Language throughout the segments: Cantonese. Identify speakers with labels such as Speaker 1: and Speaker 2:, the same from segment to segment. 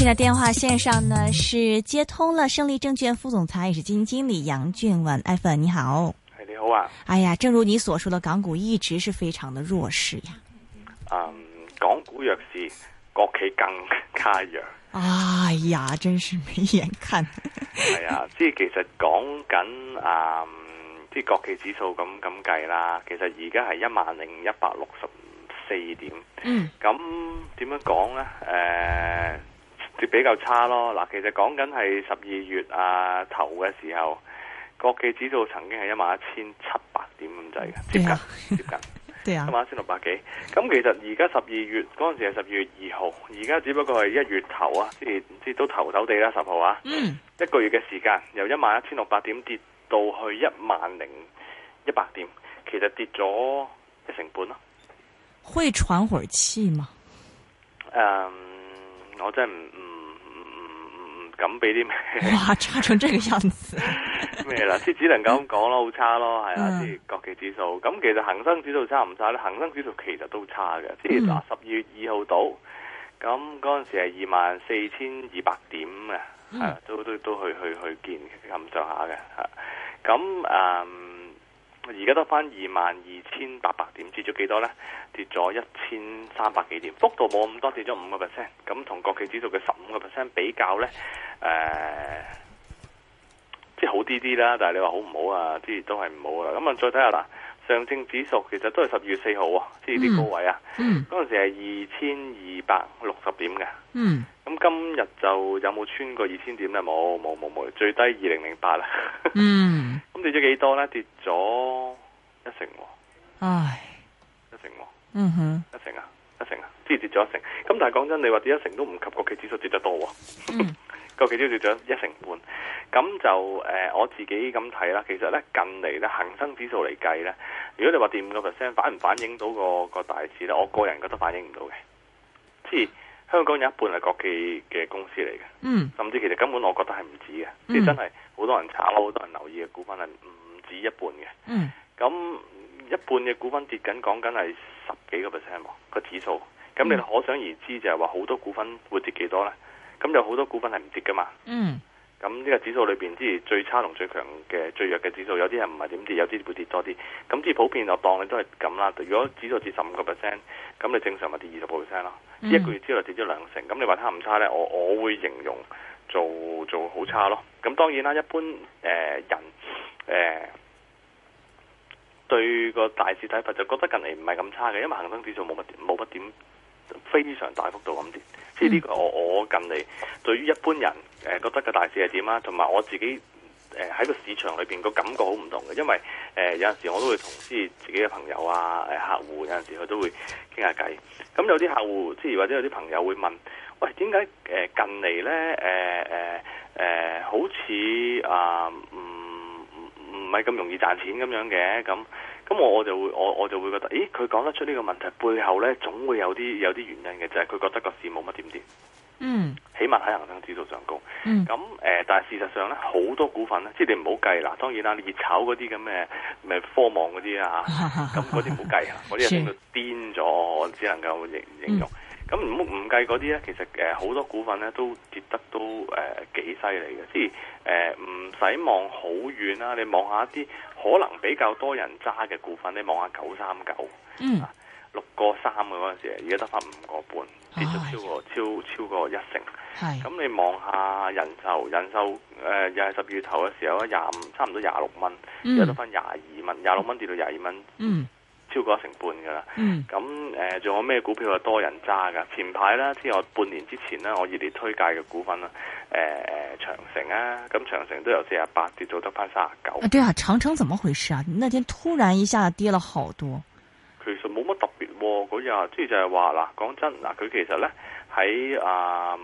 Speaker 1: 現在電話線上呢，是接通了勝利證券副總裁，也是基金經理楊俊文。艾粉你好，你好啊。哎呀，正如你所說的，港股一直是非常的弱勢呀，啊嗯。
Speaker 2: 港股弱勢，國企更加弱。
Speaker 1: 哎呀，真是沒眼看。
Speaker 2: 係啊， 即係其實講緊啊，即、嗯、係國企指數咁咁計啦，其實而家係一萬零一百六十四點。嗯。咁點樣講咧？誒。呃跌比較差咯，嗱，其實講緊係十二月啊，頭嘅時候，國企指數曾經係一萬一千七百點咁滯嘅，接近、啊，接近，一萬一千六百幾。咁、 啊、其實而家十二月嗰陣時係十二月二號，而家只不過係一月頭啊，之前即係都頭頭哋啦十號啊，嗯，一個月嘅時間由一萬一千六百點跌到去一萬零一百點，其實跌咗一成半咯。
Speaker 1: 會喘回氣嗎？
Speaker 2: 誒。Um, 我真唔唔唔唔唔敢俾啲咩。哇，差咗這個樣子。咩啦？ 即係只能咁講咯，好 差咯，係即啲國企指數，咁其實恒生指數差唔差？咧。恒生指數其實都差嘅。即係嗱，十二月二號到，咁嗰陣時係二萬四千二百點嘅，
Speaker 3: 嗯
Speaker 2: 啊，都都都去去去見感受下嘅。吓，咁啊。而家得翻二萬二千八百點，跌咗幾多呢？跌咗一千三百幾點，幅度冇咁多，跌咗五個 percent。咁同國企指數嘅十五個 percent 比較呢，誒、呃，即係好啲啲啦。但係你話好唔好啊？啲都係唔好啦。咁啊，再睇下嗱。上證指數其實都係十二月四號啊，即係啲高位啊，嗰陣時係二千二百六十點嘅。嗯，咁、嗯、今日就有冇穿過二千點呢？冇冇冇冇，最低二零零八啦。 嗯，咁跌咗幾多呢？跌咗一成喎、
Speaker 3: 哦。唉，
Speaker 2: 一成、哦、嗯哼，一成啊，一成啊，即係跌咗一成。咁但係講真，你話跌一成都唔及國企指數跌得多、哦。嗯 個期指跌咗一成半，咁就誒、呃、我自己咁睇啦。其實咧近嚟咧恆生指數嚟計咧，如果你話跌五個 percent，反唔反映到個個大市咧？我個人覺得反映唔到嘅。即係香港有一半係國企嘅公司嚟嘅，嗯，甚至其實根本我覺得係唔止嘅，即係、嗯、真係好多人炒，好多人留意嘅股份係唔止一半嘅，嗯，咁一半嘅股份跌緊，講緊係十幾個 percent 喎個指數，
Speaker 3: 咁你可
Speaker 2: 想而知就係話好多股份會跌幾多咧。咁有好多股份係唔跌㗎嘛？嗯。咁呢個指數裏邊，之前最差同最強嘅最弱嘅指數，有啲人唔係點跌，有啲會跌多啲。咁之前普遍就當你都係咁啦。如果指數跌十五個 percent，咁你正常咪跌二十個 percent 咯。嗯、一個月之內跌咗兩成，咁你話差唔差呢？我我會形容做做好差咯。咁當然啦，一般誒、呃、人誒、呃、對個大市睇法就覺得近嚟唔係咁差嘅，因為恒生指數冇乜冇乜點。非常大幅度咁跌，即係呢個我、嗯、我近嚟對於一般人誒覺得嘅大市係點啊？同埋我自己誒喺個市場裏邊、個感覺好唔同嘅，因為誒、呃、有陣時我都會同即係自己嘅朋友啊、誒客戶有陣時佢都會傾下偈。咁有啲客戶即係或者有啲朋友會問：喂，點解誒近嚟咧誒誒誒好似啊唔唔唔係咁容易賺錢咁樣嘅？咁咁我我就會我我就會覺得，咦，佢講得出呢個問題背後咧總會有啲有啲原因嘅，就係、是、佢覺得個市冇乜點點。嗯，起碼喺行政指數上高。咁誒、嗯呃，但係事實上咧，好多股份咧，即係你唔好計啦。當然啦，你熱炒嗰啲咁嘅咩科網嗰啲啊嚇，
Speaker 3: 咁嗰啲唔
Speaker 2: 好計啊，嗰啲係升到癲咗，我是只能夠認認同。嗯咁唔唔計嗰啲咧，其實誒好、呃、多股份咧都跌得都誒幾犀利嘅，即係誒唔使望好遠啦、啊。你望下一啲可能比較多人揸嘅股份，你望下九三九，嗯，六個三嘅嗰陣時，而家得翻五個半，跌咗超過、哎、呀超超過一成。
Speaker 3: 係是，咁
Speaker 2: 你望下人壽，人壽誒又係十二月頭嘅時候咧，廿五差唔多廿六蚊，而家得翻廿二蚊，廿六蚊跌到廿二蚊。嗯。超過成半噶啦，咁誒、嗯，仲有咩股票係多人揸噶？前排啦，即係我半年之前咧，我熱烈推介嘅股份啦，誒、呃、誒，長城啊，咁長城都有四十八跌到得返三十九。
Speaker 1: 對啊，長城怎麼回事啊？那天突然一下跌了好多。
Speaker 2: 其實冇乜特別喎、哦，嗰日即係就係話嗱，講真嗱，佢其實咧喺啊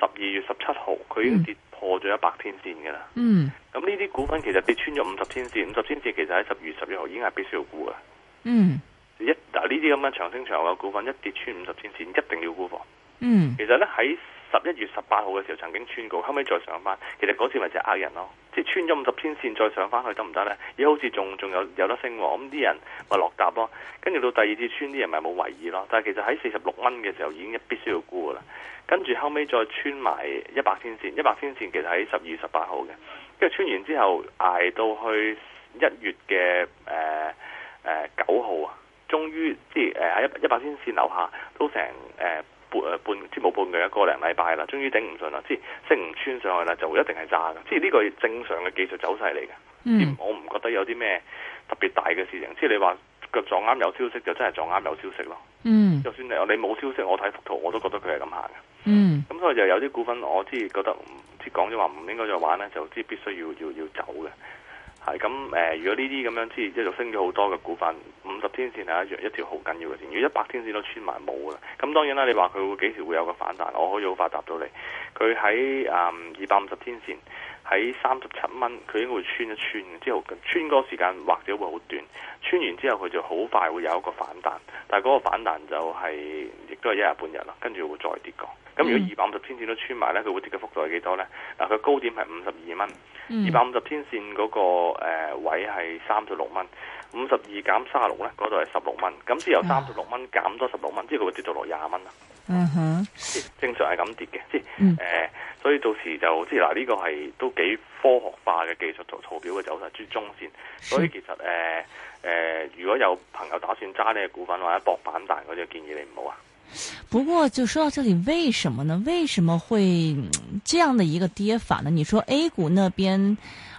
Speaker 2: 十二月十七號，佢已經跌破咗一百天線噶啦。
Speaker 3: 嗯，
Speaker 2: 咁呢啲股份其實跌穿咗五十天線，五十天線其實喺十二月十一號已經係必須要沽嘅。嗯，一嗱呢啲咁嘅長生長壽嘅股份一跌穿五十天線，一定要沽貨。嗯
Speaker 3: ，mm. 其實咧
Speaker 2: 喺十一月十八號嘅時候曾經穿過，後尾再上翻，其實嗰次咪就係呃人咯。即係穿咗五十天線再上翻去得唔得呢？而好似仲仲有有得升喎、啊，咁、嗯、啲人咪落踏咯。跟住到第二次穿，啲人咪冇懷疑咯。但係其實喺四十六蚊嘅時候已經必須要沽噶啦。跟住後尾再穿埋一百天線，一百天線其實喺十二月十八號嘅，跟住穿完之後捱到去一月嘅誒。呃誒九、uh, 號啊，終於即係誒喺一一百天線樓下都成誒、uh, 半誒半即冇半個一個零禮拜啦，終於頂唔順啦，即係升唔穿上去啦，就會一定係炸嘅。即係呢個正常嘅技術走勢嚟
Speaker 3: 嘅。Mm. 我唔
Speaker 2: 覺得有啲咩特別大嘅事情。即係你話腳撞啱有消息就真係撞啱有消息咯。嗯，mm. 就算你你冇消息，我睇幅圖我都覺得佢係咁行嘅。Mm. 嗯，咁所以就有啲股份我即係覺得即係講咗話唔應該再玩咧，就即係必須要要要，要，要，要，要走嘅。係咁誒，如果呢啲咁樣，即係即係就升咗好多嘅股份，五十天線係一樣一條好緊要嘅線，如果一百天線都穿埋冇啦。咁當然啦，你話佢會幾時會有個反彈，我可以好快答到你。佢喺誒二百五十天線喺三十七蚊，佢應該會穿一穿嘅，之後穿嗰個時間或者會好短，穿完之後佢就好快會有一個反彈，但係嗰個反彈就係、是、亦都係一日半日啦，跟住會再跌過。咁、嗯、如果二百五十天線都穿埋咧，佢會跌嘅幅度係幾多咧？嗱，佢高點係五十二蚊，二百五十天線嗰個位係三十六蚊，五十二減三十六咧，嗰度係十六蚊。咁之後三十六蚊減多十六蚊，即係佢會跌到落廿蚊啦。啊、嗯哼，即正常係咁跌嘅，即係誒，所以到時就即係嗱，呢個係都幾科學化嘅技術做圖表嘅走勢，追中線。所以其實誒誒、呃呃，如果有朋友打算揸呢個股份或者博板彈，我就建議你唔好啊。
Speaker 1: 不過就說到這裏，為什麼呢？為什麼會這樣的一個跌法呢？你說 A 股那邊？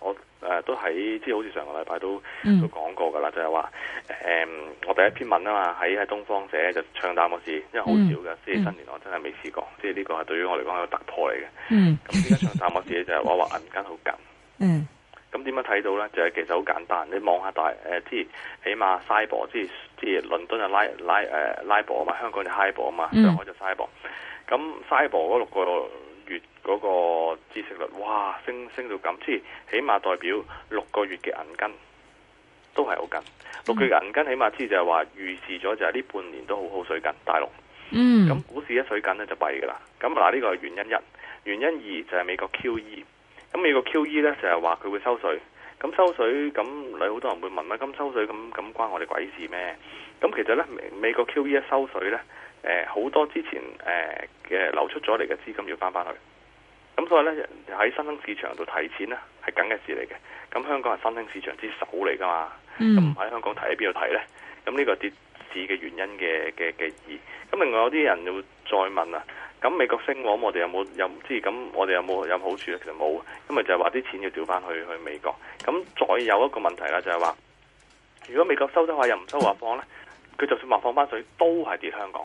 Speaker 2: 我誒都喺，即係好似上個禮拜都
Speaker 3: 都講過㗎喇，
Speaker 2: 就係話誒我第一篇文啊嘛，喺喺東方寫就唱淡個市，因為好少嘅，即係新年我真係未試過，即係呢個係對於我嚟講係一個突破嚟嘅。咁而家唱淡個市就係我話銀根好緊。咁點樣睇到咧？就係其實好簡單，你望下大誒，即係起碼 Cyber，即係即係倫敦就拉拉誒拉博啊嘛，香港就 High 博啊嘛，上海就 Cyber。咁 Cyber 嗰六個。嗰個知識率，哇，升升到咁，即係起碼代表六個月嘅銀根都係好緊。嗯、六個月銀根起碼就係話預示咗，就係呢半年都好好水緊大陸。嗯，咁股市一水緊咧就弊㗎喇。咁嗱呢個係原因一，原因二就係美國 QE。咁美國 QE 呢就係話佢會收水。咁收水，咁，你好多人會問啦。咁收水，咁咁關我哋鬼事咩？咁其實呢，美國 QE 一收水呢，誒、呃、好多之前誒嘅、呃、流出咗嚟嘅資金要返返去。咁所以咧，喺新興市場度提錢咧，係梗嘅事嚟嘅。咁香港係新興市場之首嚟噶嘛？
Speaker 3: 咁唔喺、
Speaker 2: 嗯、香港提喺邊度提咧？咁呢個跌市嘅原因嘅嘅嘅二。咁另外有啲人就會再問啊。咁美國升咗，我哋有冇又唔知？咁我哋有冇有好處咧？其實冇，咁咪就係話啲錢要調翻去去美國。咁再有一個問題啦，就係話，如果美國收得話又唔收或放咧，佢、嗯、就算話放翻水都係跌香港。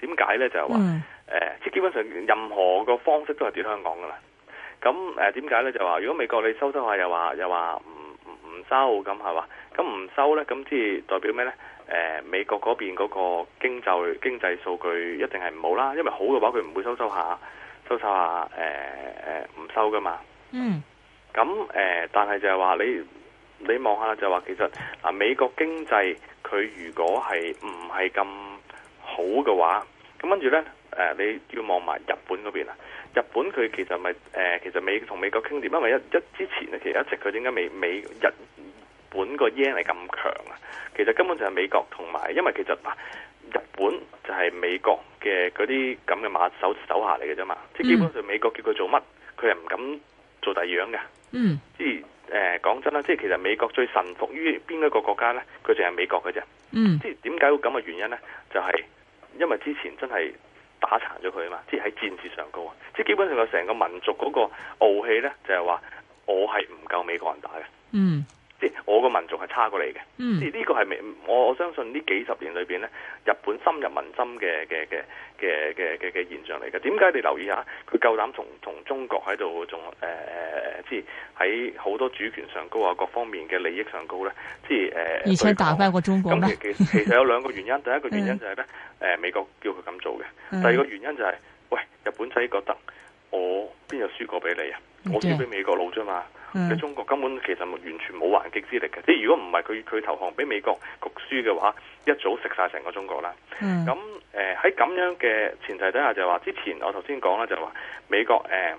Speaker 2: 點解咧？就係、是、話。嗯誒，即係基本上任何個方式都係跌香港噶啦。咁誒點解咧？就話如果美國你收收下又，又話又話唔唔唔收咁係嘛？咁唔收咧，咁即係代表咩咧？誒、呃，美國嗰邊嗰個經濟經濟數據一定係唔好啦，因為好嘅話佢唔會收收下，收下、呃呃、收下誒誒唔收噶嘛。嗯。咁誒、呃，但係就係話你你望下就話其實啊，美國經濟佢如果係唔係咁好嘅話，咁跟住咧。誒、呃，你要望埋日本嗰邊啊。日本佢其實咪誒、呃，其實美同美國傾掂，因為一一之前咧，其實一直佢點解美美日本個 yen 係咁強啊？其實根本就係美國同埋，因為其實日本就係美國嘅嗰啲咁嘅馬手手下嚟嘅啫嘛，即係基本上美國叫佢做乜，佢係唔敢做第二樣嘅。嗯，即係誒講真啦，即係其實美國最臣服於邊一個國家咧？佢淨係美國嘅啫。嗯，即係點解會咁嘅原因咧？就係因為之前真係。打殘咗佢啊嘛，即係喺戰事上高啊，即係基本上個成個民族嗰個傲氣咧，就係、是、話我係唔夠美國人打嘅。嗯。即係我個民族係差過你嘅，
Speaker 3: 即係呢個係
Speaker 2: 未？我我相信呢幾十年裏邊咧，日本深入民心嘅嘅嘅嘅嘅嘅嘅現象嚟嘅。點解你留意下佢夠膽同同中國喺度仲誒，即係喺好多主權上高啊，各方面嘅利益上高咧，即係誒。呃、以前打敗
Speaker 1: 過中國咩？其實有兩個
Speaker 2: 原因，第一個原因就係、是、咧，誒、 呃、美國叫佢咁做嘅；嗯、第二個原因就係、是，喂，日本仔覺得我邊有輸過俾你啊？我輸俾美國佬啫嘛。嘅、嗯、中國根本其實完全冇還擊之力嘅，即係如果唔係佢佢投降俾美國焗輸嘅話，一早食晒成個中國啦。咁誒喺咁樣嘅前提底下就，就係話之前我頭先講啦，就係話美國誒、呃、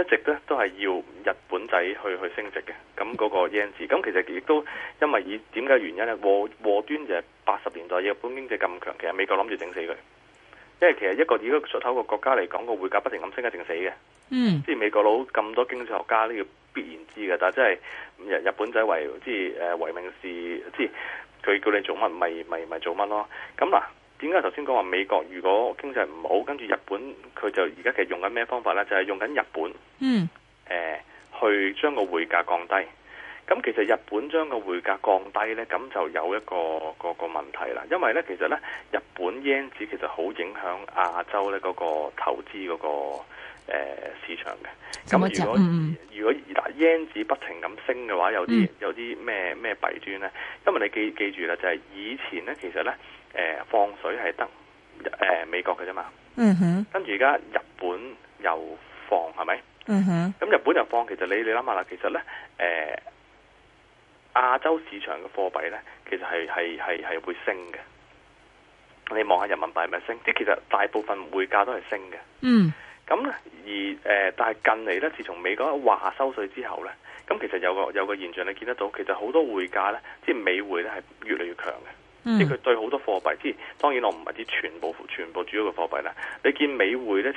Speaker 2: 一直咧都係要日本仔去去升值嘅，咁嗰個 yen 紙。咁其實亦都因為以點解原因咧？禍禍端就係八十年代日本經濟咁強，其實美國諗住整死佢。即係其實一個如果出口嘅國家嚟講，個匯價不停咁升一定死嘅，
Speaker 3: 即係美
Speaker 2: 國佬咁多經濟學家都要必然知嘅，但係真係日本仔為即係誒為命事，即係佢叫你做乜咪咪咪做乜咯。咁嗱，點解頭先講話美國如果經濟唔好，跟住日本佢就而家其實用緊咩方法咧？就係、是、用緊日本，誒、嗯呃，去將個匯價降低。咁其實日本將個匯價降低呢，咁就有一個一個一個問題啦。因為呢，其實呢，日本 yen 紙其實好影響亞洲呢嗰個投資嗰、嗰個、呃、市場嘅。咁如果、嗯、如果嗱 yen 紙不停咁升嘅話，有啲有啲咩咩弊端呢？因為你記記住啦，就係、是、以前呢，其實呢，誒、呃、放水係得誒美國嘅啫嘛。嗯、哼跟住而家日本又放係咪？嗯，咁哼日本又放，其實你你諗下啦，其實呢。誒。呃呃呃亞洲市場嘅貨幣呢，其實係係係會升嘅。你望下人民幣係咪升？即係其實大部分匯價都係升嘅。嗯。咁呢，而誒、呃，但係近嚟呢，自從美國話收稅之後呢，咁其實有個有個現象你見得到，其實好多匯價呢，即係美匯呢，係越嚟越強嘅。即係佢對好多貨幣，即係當然我唔係指全部全部主要嘅貨幣啦。你見美匯咧，誒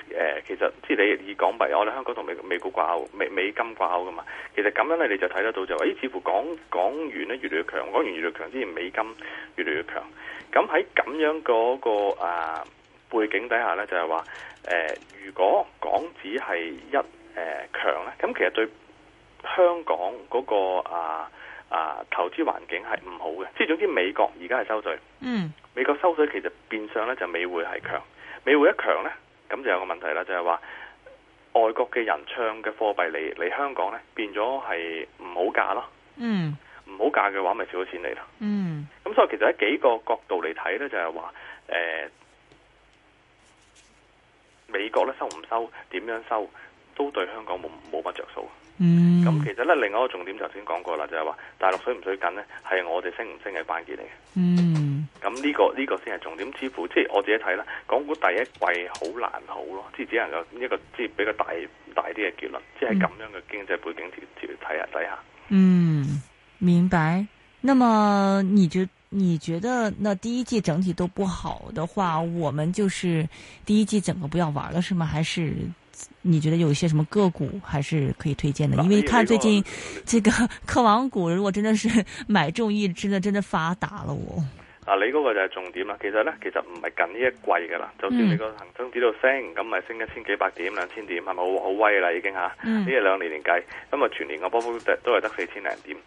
Speaker 2: 其實即係你以港幣，我哋香港同美美股掛鈎，美美金掛鈎㗎嘛。其實咁樣咧，你就睇得到就誒、是，似乎港港元咧越嚟越強，港元越嚟越強，之前美金越嚟越強。咁喺咁樣嗰個、啊、背景底下咧，就係話誒，如果港紙係一誒、呃、強咧，咁其實對香港嗰、那個啊。啊，投資環境係唔好嘅，即係總之美國而家係收稅。嗯，美國收稅其實變相咧就美匯係強，美匯一強咧，咁就有個問題啦，就係話外國嘅人唱嘅貨幣嚟嚟香港咧，變咗係唔好價咯。嗯，唔好價嘅話，咪少咗錢嚟咯。
Speaker 3: 嗯，
Speaker 2: 咁所以其實喺幾個角度嚟睇咧，就係話誒美國咧收唔收，點樣收，都對香港冇冇乜着數。嗯，咁其實咧，另外一個重點，頭先講過啦，就係話大陸水唔水緊咧，係我哋升唔升嘅關鍵嚟嘅。嗯，咁呢個呢個先係重點支付，即係我自己睇啦。港股第一季好難好咯，即係只能夠一個即係比較大大啲嘅結論，嗯，即係咁樣嘅經濟背景條條睇下底下。看看看看，嗯，
Speaker 1: 明白。那麼你覺你覺得，那第一季整體都不好的話，我們就是第一季整個不要玩了，是嗎？還是？你覺得有一些什麼個股還是可以推薦的？因為看最近，這個科網股如果真的是買中一隻呢，真的發達咯。
Speaker 2: 啊，你嗰個就係重點啦。其實咧，其實唔係近呢一季噶啦。嗯、就算你個恒生指數升，咁咪升一千幾百點、兩千點，係咪好好威啦？已經吓，呢一兩年嚟計，咁啊全年嘅波幅都係得四千零點。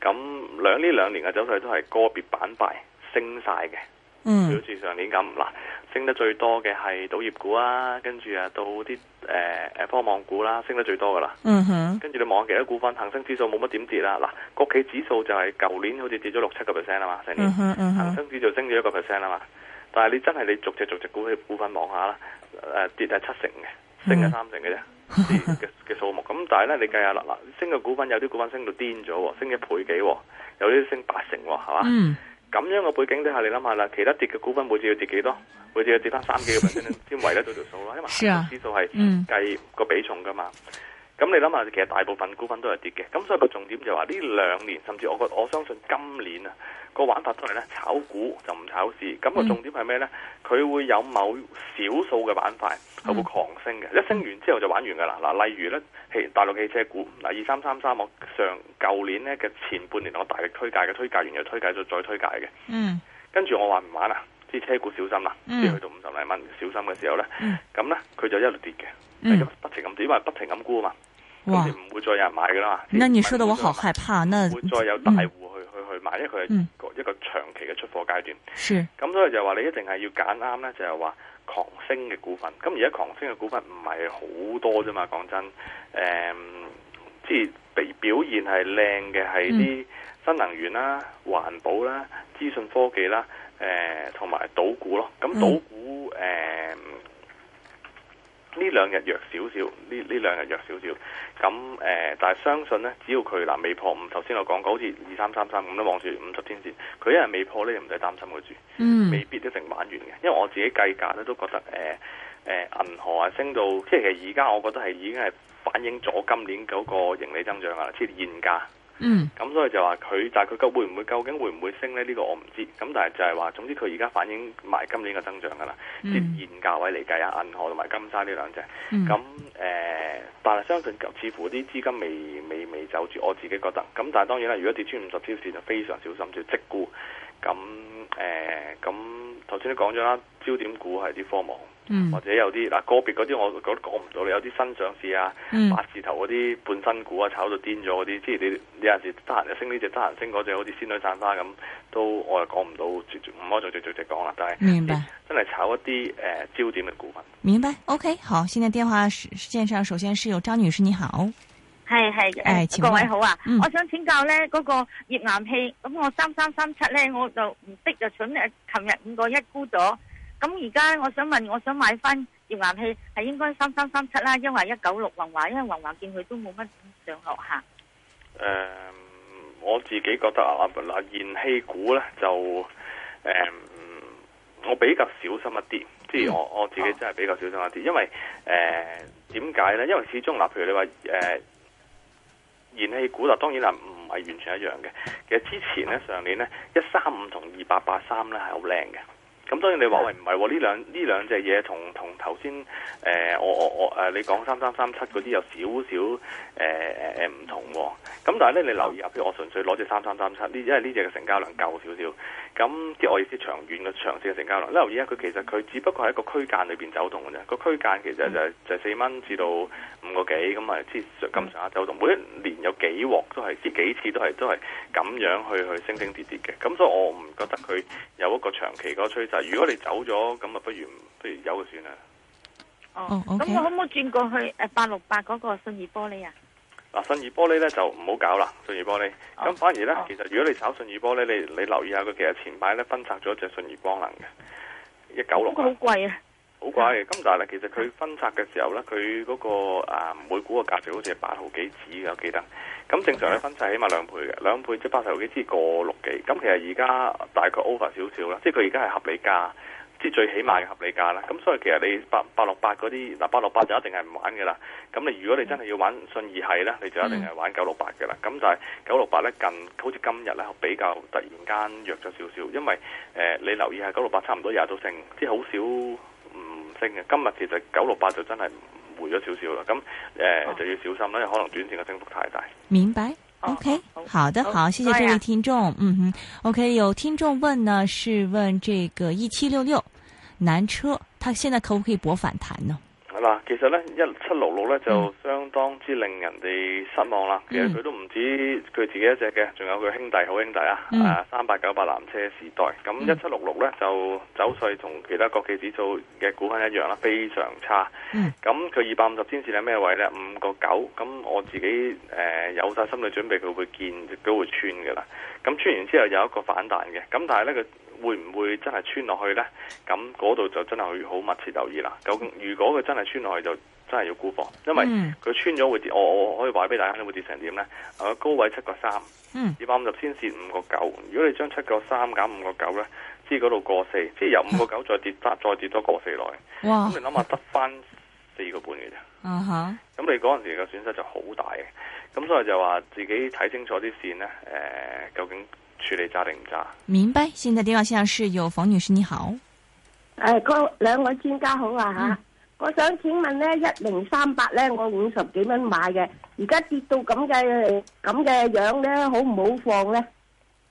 Speaker 2: 咁兩呢兩年嘅走勢都係個別板塊升晒嘅，
Speaker 3: 嗯，好似
Speaker 2: 上年咁唔難。升得最多嘅係賭業股啦、啊，跟住啊到啲誒誒科網股啦、啊，升得最多噶啦。嗯哼、mm。Hmm. 跟住你望下其他股份，恒生指數冇乜點跌啦。嗱，國企指數就係舊年好似跌咗六七個 percent 啊嘛，成年。恒生、mm hmm. 指就升咗一個 percent 啊嘛。但係你真係你逐隻逐隻股嘅股份望下啦，誒、呃、跌係七成嘅，
Speaker 3: 升係三成
Speaker 2: 嘅啫，嘅嘅、mm hmm. 數目。咁 但係咧，你計下啦，嗱，升嘅股份有啲股份升到癲咗喎，升一倍幾喎，有啲升八成喎，係嘛？嗯、mm。Hmm. 咁樣嘅背景底下，你諗下啦，其他跌嘅股份每次要跌幾多？每次要跌翻三幾個 percent 先維得到條數咯，因為係指數係計個比重噶嘛。咁你諗下，其實大部分股份都係跌嘅。咁所以個重點就話、係、呢兩年，甚至我覺我相信今年啊個玩法都係咧，炒股就唔炒市。咁、個重點係咩咧？佢會有某少數嘅板塊佢會狂升嘅，一升完之後就玩完噶啦嗱。例如咧，汽大陸汽車股嗱，二三三三我上舊年咧嘅前半年，我大力推介嘅，推介完又推介咗再推介嘅。嗯。跟住我話唔玩啦，啲車股小心啦，跌、嗯、去到五十零蚊小心嘅時候咧，咁咧佢就一路跌嘅、嗯，不停咁跌，因為不停咁沽啊嘛。我哋唔會再有人買噶啦。那你說的我好害
Speaker 1: 怕。唔會再有大
Speaker 2: 戶去去那去買，因為佢係一個長期嘅出貨階段。咁所以就話你一定係要揀啱呢，就係話狂升嘅股份。咁而家狂升嘅股份唔係好多啫嘛，講真。誒、嗯，即係表表現係靚嘅係啲新能源啦、環保啦、資訊科技啦、誒同埋賭股咯。咁賭股誒。嗯呢兩日弱少少，呢呢兩日弱少少，咁誒、呃，但係相信呢，只要佢嗱未破五，頭先我講過，好似二三三三咁都望住五十天線，佢一日未破呢，就唔使擔心佢住，
Speaker 3: 嗯，未必
Speaker 2: 一定玩完嘅，因為我自己計價呢，都覺得誒誒銀河啊升到，即係而家我覺得係已經係反映咗今年嗰個盈利增長啊，即係現價。 嗯，咁所以就話佢，但係佢究會唔會究竟會唔會升咧？呢、這個我唔知。咁但係就係話，總之佢而家反映埋今年嘅增長噶啦。嗯，以現價位嚟計啊，銀河同埋金沙呢兩隻。咁誒、嗯呃，但係相信似，似乎啲資金未未未走住，我自己覺得。咁但係當然啦，如果跌穿五十天線就非常小心，就即估。咁、嗯、誒，咁頭先都講咗啦，焦點股係啲科網。嗯，或者有啲嗱個別嗰啲，我覺得講唔到。你有啲新上市啊，八字頭嗰啲半新股啊，炒到癲咗嗰啲，即係你你有時得閒就升呢隻，得閒升嗰隻好似仙女散花咁，都我又講唔到，唔可再再再講啦。但係，明白，真係炒一啲誒焦點嘅股份。
Speaker 1: 明白，OK，好。現在電話線上首先是有張女士，你好，
Speaker 2: 係係，誒，各位好
Speaker 1: 啊，我想請教咧嗰個頁岩氣，咁我三三三七咧，我就唔識就蠢啊，琴日五個一沽咗。咁而家我想問，我想買翻頁岩氣，係應該三三三七啦，因為一九六宏華，因為宏華見佢都冇乜
Speaker 2: 上落下。誒，我自己覺得啊，嗱、呃，燃、呃、氣股咧就誒、呃，我比較小心一啲，即係、嗯、我我自己真係比較小心一啲，因為誒點解咧？因為始終嗱，譬如你話誒，燃、呃、氣股啦，當然啦，唔、呃、係、呃呃、完全一樣嘅。其實之前咧，上年咧，一三五同二八八三咧係好靚嘅。咁當然你話：「喂，唔係喎，呢兩呢兩隻嘢同同頭先誒，我我我誒，你講三三三七嗰啲有少少誒誒誒唔同喎、哦。咁但係咧你留意啊，譬如我純粹攞隻三三三七呢，因為呢隻嘅成交量夠少少。咁啲我意思長遠嘅長線嘅成交量，留意下、啊、佢其實佢只不過喺一個區間裏邊走動嘅啫，個區間其實就係、就係四蚊至到五個幾咁啊，即咁上下走動。每一年有幾鑊都係，即係幾次都係都係咁樣去去升升跌跌嘅。咁所以我唔覺得佢有一個長期嗰個趨勢。如果你走咗，咁啊不如不如休就算啦。哦，咁我可唔可以轉過去誒八六八嗰個
Speaker 1: 信義玻璃啊？
Speaker 2: 嗱、啊，信義玻璃咧就唔好搞啦，信義玻璃。咁、哦、反而咧，哦、其實如果你炒信義玻璃，你你留意下佢，其實前排咧分拆咗隻信義光能嘅一九六，好貴啊，好貴。咁、嗯、但係咧，其實佢分拆嘅時候咧，佢嗰、那個啊每股嘅價值好似係八毫幾紙嘅，我記得。咁正常咧分拆起碼兩倍嘅，兩倍即八十毫幾支過六幾。咁、嗯、其實而家大概 over 少少啦，即係佢而家係合理價。即最起碼嘅合理價啦，咁所以其實你八八六八嗰啲嗱八六八就一定係唔玩嘅啦。咁你如果你真係要玩信義係咧，你就一定係玩九六八嘅啦。咁但係九六八咧近好似今日咧比較突然間弱咗少少，因為誒你留意下九六八差唔多廿到升，即係好少唔升嘅。今日其實九六八就真係回咗少少啦。咁誒就要小心啦，可能短線嘅升幅太大。
Speaker 3: 明白，OK，
Speaker 2: 好的，好，謝謝呢位聽
Speaker 1: 眾。嗯哼，OK，有聽眾問呢，是問這個一七六六。南車，它現在可唔可以搏反彈呢？
Speaker 2: 嗱，其實咧一七六六咧就相當之令人哋失望啦。嗯、其實佢都唔止佢自己一隻嘅，仲有佢兄弟好兄弟啊，嗯、啊三八九八南車時代。咁一七六六咧就走勢同其他國企指數嘅股份一樣啦，非常差。咁佢二百五十天線係咩位咧？五個九。咁我自己誒、呃、有晒心理準備，佢會見亦都會穿噶啦。咁穿完之後有一個反彈嘅，咁但係咧佢。會唔會真係穿落去呢？咁嗰度就真係要好密切留意啦。究竟如果佢真係穿落去，就真係要估防，因為佢穿咗會跌。我、嗯哦、我可以話俾大家，會跌成點呢？啊，高位七個三，嗯，二百五十先線五個九。如果你將七個三減五個九呢，知嗰度過四，即係由五個九再跌翻，啊、再跌多過四落去。哇、啊！咁你諗下得翻四個半嘅啫。
Speaker 3: 嗯
Speaker 2: 咁、啊、你嗰陣時嘅損失就好大嘅。咁所以就話自己睇清楚啲線呢，誒、呃，究竟？處理渣定唔渣？
Speaker 1: 明白，現在電話線上市有馮女士，你好。誒、嗯，哥、嗯，兩位專家好啊吓。我想請問呢一零三八咧，我五十幾蚊買嘅，而家跌到咁嘅咁嘅樣咧，好唔好放咧？誒、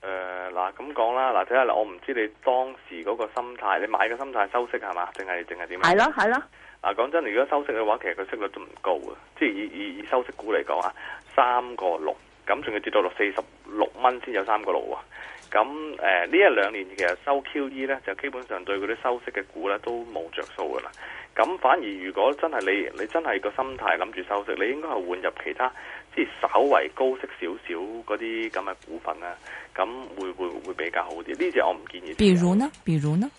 Speaker 2: 呃，嗱咁講啦，嗱睇下啦，我唔知你當時嗰個心態，你買嘅心態收息係嘛？定係定係點樣？係咯係咯。嗱，講真，如果收息嘅話，其實佢息率都唔高啊。即係以以以收息股嚟講啊，三個六。咁仲要跌到落四十六蚊先有三個六喎，啊，咁誒呢一兩年其實收 QE 呢，就基本上對嗰啲收息嘅股呢都冇着數噶啦。咁、嗯、反而如果真係你你真係個心態諗住收息，你應該係換入其他即係稍為高息少少嗰啲咁嘅股份啊，咁會會會比較好啲。呢隻我唔建議。比如
Speaker 1: 呢？比如
Speaker 3: 呢？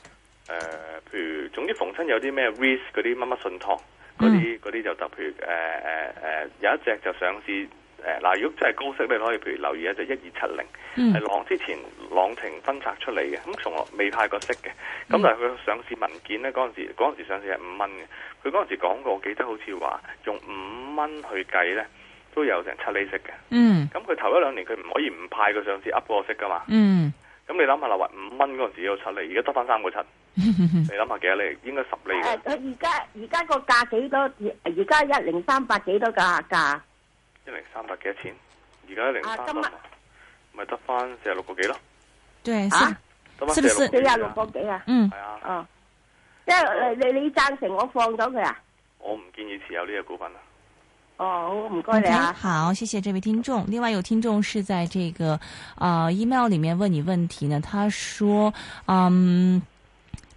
Speaker 3: 誒、嗯，
Speaker 2: 譬如總之逢親有啲咩 risk 嗰啲乜乜信託嗰啲嗰啲就特別誒誒誒，有一隻就上市。誒嗱，如果真係高息你可以譬如留意一隻一二七零，係、就、朗、是嗯、之前朗廷分拆出嚟嘅，咁從來未派過息嘅。咁但係佢上市文件咧，嗰陣時嗰陣時上市係五蚊嘅。佢嗰陣時講過，我記得好似話用五蚊去計咧，都有成七厘息嘅。嗯，咁佢頭一兩年佢唔可以唔派個上市 Up 個息噶嘛。嗯，咁你諗下，嗱，五蚊嗰陣時有七厘，而家得翻三個七，你諗下幾多厘？應該十厘。
Speaker 1: 而家而家個價幾多？而家一零三八幾多價價？
Speaker 2: 一零三八幾錢，而家一零三八，咪得翻四十六個幾咯？對啊，得翻四四
Speaker 1: 十六個幾啊？哦、嗯，係啊，哦，即係你
Speaker 2: 你你贊成我放咗佢啊？我唔
Speaker 1: 建
Speaker 2: 議持有
Speaker 1: 呢個股份啊。哦，好，唔該你啊。好，謝謝這、啊 okay, 位聽眾。另外有聽眾是在這個啊、呃、email 裏面問你問題呢，他說：嗯，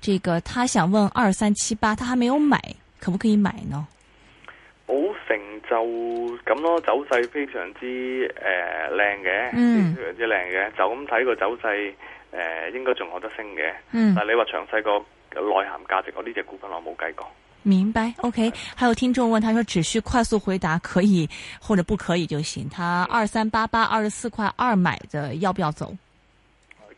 Speaker 1: 這個他想問二三七八，他還沒有買，可不可以買呢？
Speaker 2: 就咁咯，走勢非常之誒靚嘅，呃嗯、非常之靚嘅。就咁睇個走勢，誒、呃、應該仲可得升嘅。嗯、但係你話詳細個內涵價值，我呢隻股份我冇計過。
Speaker 1: 明白，OK。還有聽眾問，他說只需快速回答可以或者不可以就行。他二三八八二十四塊二買的，要不要走？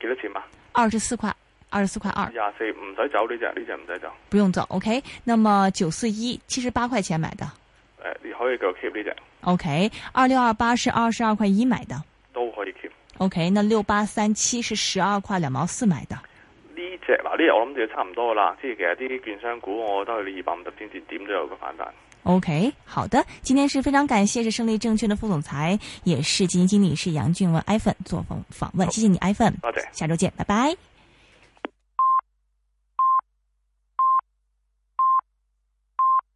Speaker 2: 幾多錢嘛、
Speaker 1: 啊？二十四塊二十四塊二。
Speaker 2: 廿四唔使走呢隻，呢隻唔使走。
Speaker 1: 不用走，OK。那麼九四一七十八塊錢買
Speaker 2: 的。你可以就 keep 呢隻。
Speaker 1: OK，二六二八是二十二塊一買的，
Speaker 2: 都可以 keep。O、
Speaker 1: okay, K，那六八三七是十二塊兩毛四買的。
Speaker 2: 呢隻嗱呢隻我諗就差唔多啦，即係其實啲券商股，我覺得去到二百五十天線點都 250, 有個反彈。
Speaker 1: O、okay, K，好的，今天是非常感謝，是勝利證券的副總裁，也是基金經理，是楊俊文 iPhone 做訪訪問，好謝謝你 iPhone。啊，對謝，下周見，拜拜。